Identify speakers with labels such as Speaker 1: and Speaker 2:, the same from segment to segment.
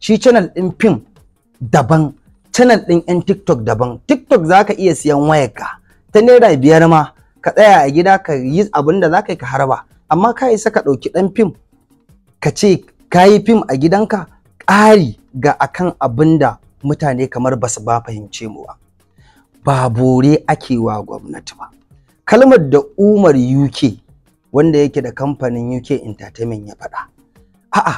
Speaker 1: shi channel ɗin fim daban channel ɗin 'yan tiktok daban tiktok za ka iya siyan wayarka ta naira biyar ma ka tsaya a gida ka yi abin da za ka yi ka harba amma ka isa ka ɗauki ɗan fim ka ce ka yi fim a gidanka ƙari ga akan abin da mutane kamar ba su ba fahimce mu ba ba bore ake wa gwamnati ba kalmar da umar uk wanda yake da kamfanin uk entertainment ya faɗa a'a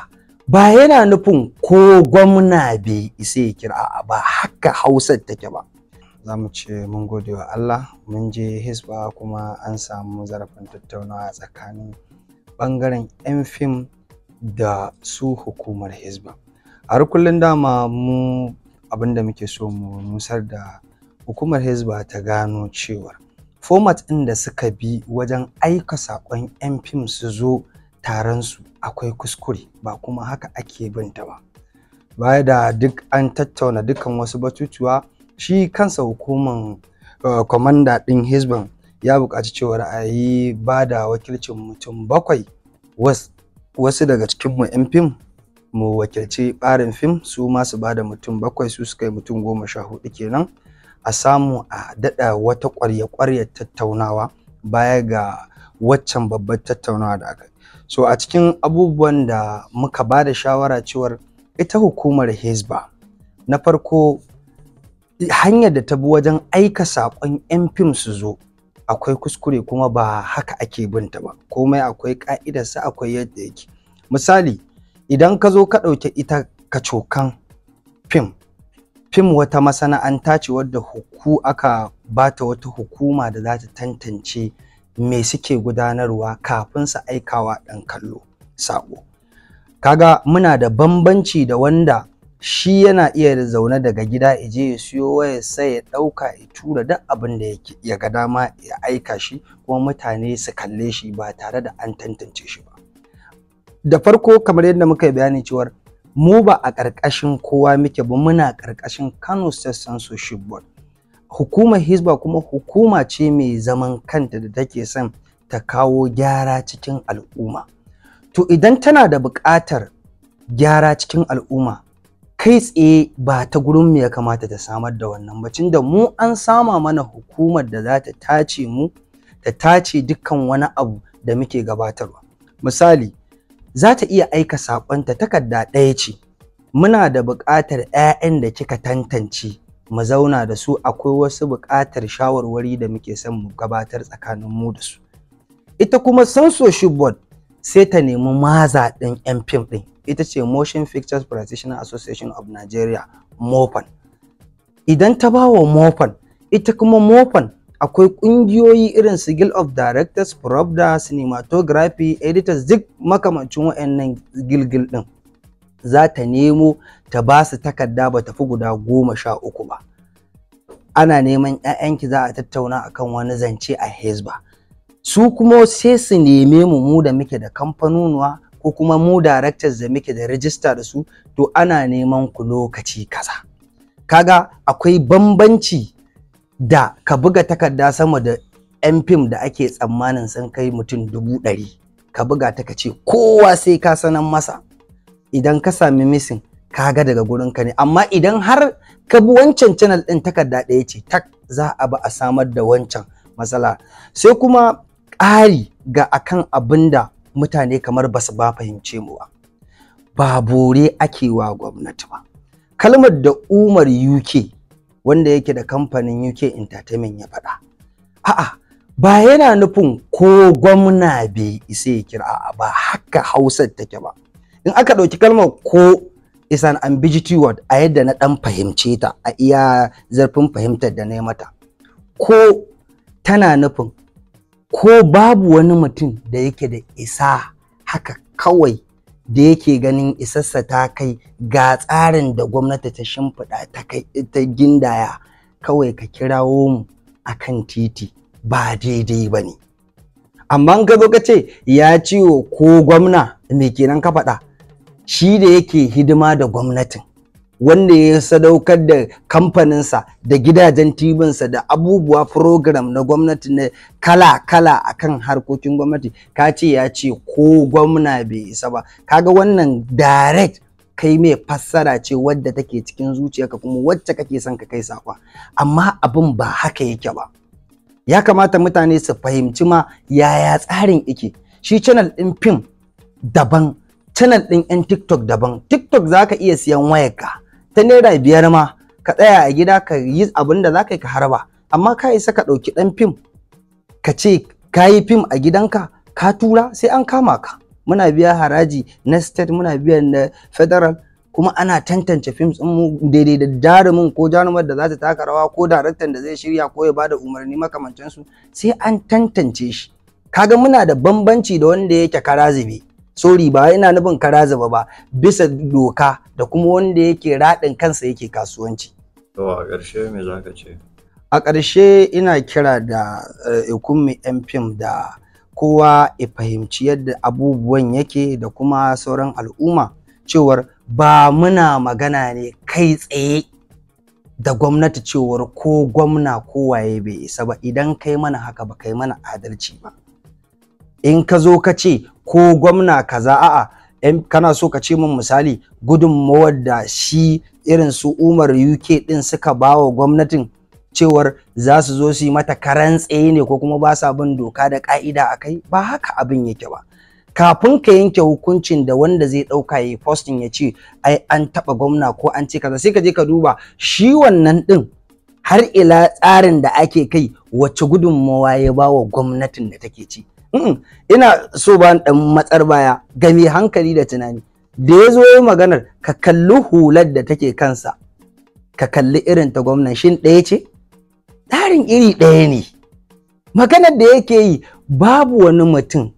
Speaker 1: ba yana nufin ko gwamna bai isa ya kira a, ba haka hausar take ba za mu ce mun gode wa Allah mun je hisba kuma an samu zarafin tattaunawa tsakanin bangaren 'yan fim da su hukumar hisba A kullum dama mu abinda muke so mu nusar da hukumar hisba ta gano cewar format ɗin da suka bi wajen aika saƙon 'yan fim su zo taron su akwai kuskure ba kuma haka ake bin ta ba baya da duk an tattauna dukkan wasu batutuwa shi kansa hukuman kwamanda eh, ɗin hizban ya buƙaci cewa ra'ayi ba da wakilcin mutum bakwai wasu daga cikin mu 'yan fim mu wakilci ɓarin fim su ma su ba da mutum bakwai su suka yi mutum goma sha hudu kenan a samu a daɗa wata ƙwarya ƙwarya tattaunawa baya ga waccan babbar tattaunawa da aka so a cikin abubuwan da muka ba da shawara cewar ita hukumar hezba na farko hanyar da ta bi wajen aika saƙon 'yan fim su zo akwai kuskure kuma ba haka ake binta ba komai akwai ƙa'idarsa akwai yadda yake misali idan ka zo ka ɗauki ita ka cokan fim fim wata masana'anta ce wadda aka bata wata hukuma da za ta tantance me suke gudanarwa kafin su aikawa ɗan kallo saƙo kaga muna da bambanci da wanda shi yana iya zaune daga gida ije ya siyo waya sai ya ɗauka ya tura duk abin da ya ga dama ya aika shi kuma mutane su kalle shi ba tare da an tantance shi ba da farko kamar yadda muka yi bayani cewar mu ba a ƙarƙashin kowa muke ba muna ƙarƙashin kano state censorship board hukumar Hisba kuma hukuma ce mai zaman kanta da take son ta kawo gyara cikin al'umma to idan tana da buƙatar gyara cikin al'umma kai tsaye ba ta gurin mu ya kamata ta samar da wannan bacin da mu an sama mana hukumar da za ta tace mu ta tace dukkan wani abu da muke gabatarwa misali za ta iya aika ta takarda ɗaya ce muna da buƙatar 'ya'yan da kika tantance mu zauna da su akwai wasu buƙatar shawarwari da muke son mu gabatar tsakanin mu da su ita kuma censorship board sai ta nemi maza ɗin yan fim ɗin ita ce motion pictures practitioner association of nigeria mopan idan ta ba wa mopan ita kuma mopan akwai ƙungiyoyi irin su guild of directors probda cinematography editors duk makamancin waɗannan gilgil ɗin za ta nemo ta ba su takarda ba fi guda goma sha uku ba ana neman 'ya'yanki za a tattauna akan wani zance a hezba su kuma sai su neme mu mu da muke da kamfanonuwa ko kuma mu directors da muke da rajista da su to ana neman ku lokaci kaza kaga akwai bambanci da ka buga takarda sama da yan fim da ake tsammanin sun kai mutum dubu ɗari ka buga ta ka ce kowa sai ka sanan masa idan ka sami misin kaga daga gurin ka ne amma idan har ka bi wancan channel din takarda ɗaya ce tak za a ba a samar da wancan matsala sai kuma ƙari ga akan abin da mutane kamar ba su ba fahimce mu ba ba bore ake wa gwamnati ba kalmar da umar uk wanda yake da kamfanin uk entertainment ya faɗa a'a ba yana nufin ko gwamna bai isa ya kira a'a ba haka hausar take ba in aka ɗauki kalmar ko is an ambiguity word a yadda na dan fahimce ta a iya zarfin fahimtar da na yi mata ko tana nufin ko babu wani mutum da yake da isa haka kawai da yake ganin isassa ta kai ga tsarin da gwamnati ta shimfiɗa ta gindaya kawai ka kirawo mu a kan titi ba daidai ba ne amma ka zo ka ce ya ciwo ko gwamna me kenan ka faɗa shi da yake hidima da gwamnatin wanda ya sadaukar da kamfaninsa da gidajen tibinsa da abubuwa program na gwamnati na kala-kala a kan harkokin gwamnati ka ce ya ce ko gwamna bai isa ba kaga wannan direct kai mai fassara ce wadda take cikin zuciyarka kuma wacce kake son ka kai sakwa amma abin ba haka yake ba ya kamata mutane su fahimci ma yaya tsarin ike shi channel ɗin fim daban channel ɗin 'yan TikTok daban. TikTok zaka ka iya siyan wayarka ta naira biyar ma ka tsaya a gida ka yi abin da za ka yi ka harba. Amma ka isa ka ɗauki ɗan fim ka ce ka yi fim a gidanka ka tura sai an kama ka. Muna biya haraji na state muna biya na federal kuma ana tantance fim sun mu daidai da jarumin ko jarumar da za ta taka rawa ko daraktan da zai shirya ko ya bada umarni makamancinsu sai an tantance shi kaga muna da bambanci da wanda yake zube. sorry ba ina nufin karaza ba ba bisa doka da kuma wanda yake raɗin kansa yake kasuwanci to a ƙarshe me ka ce a ƙarshe ina kira da ikunmi eh, MPM da kowa ya fahimci yadda abubuwan yake da kuma sauran al'umma cewar ba muna magana ne kai tsaye da gwamnati cewar ko gwamna ko waye bai isa ba idan kai mana haka ba kai mana adalci ba in ka zo ka ce ko gwamna kaza a'a kana so ka ce min misali gudunmawar da shi irin su umar uk din suka ba wa gwamnatin cewar za su zo su yi mata karan tsaye ne ko kuma ba sa bin doka da ka'ida a kai ba haka abin yake ba kafin ka yanke hukuncin da wanda zai ɗauka ya yi posting ya ce ai an taɓa gwamna ko an ce kaza sai ka je ka duba shi wannan ɗin har ila tsarin da ake kai wacce gudunmawa ya ba wa gwamnatin da take ci ina so ba dan matsar baya game hankali da tunani da ya zo yi maganar ka kalli hular da take kansa ka kalli irin ta gwamnan shin ɗaya ce tarin iri ɗaya ne maganar da yake yi babu wani mutum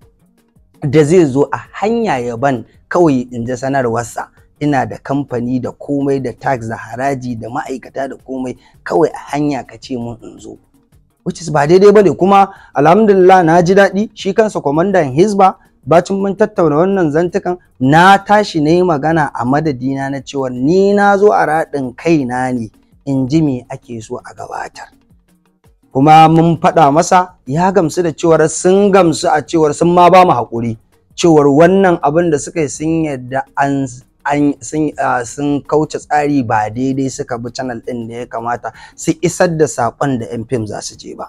Speaker 1: da zai zo a hanya ya ban kawai in ji sanarwarsa ina da kamfani da komai da tax da haraji da ma'aikata da komai kawai a hanya ka ce mun in zo which is ba daidai bane kuma alhamdulillah na ji daɗi shi kansa kwamandan hisba bacin mun tattauna wannan zantukan na tashi na magana a madadina na cewa ni na zo a raɗin kaina ne in ji me ake so a gabatar kuma mun faɗa masa ya gamsu da cewar sun gamsu a cewar sun ma ba mu haƙuri cewar wannan abin da suka yi sun yadda an Ah, sun kauce tsari ba daidai suka bi channel ɗin da ya kamata su isar da saƙon da 'yan fim za su je ba.